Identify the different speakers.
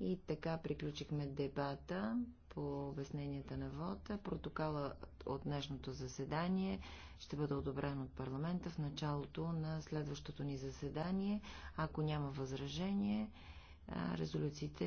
Speaker 1: И така приключихме дебата по обясненията на вода. Протокола от днешното заседание ще бъде одобрен от парламента в началото на следващото ни заседание. Ако няма възражение,
Speaker 2: резолюциите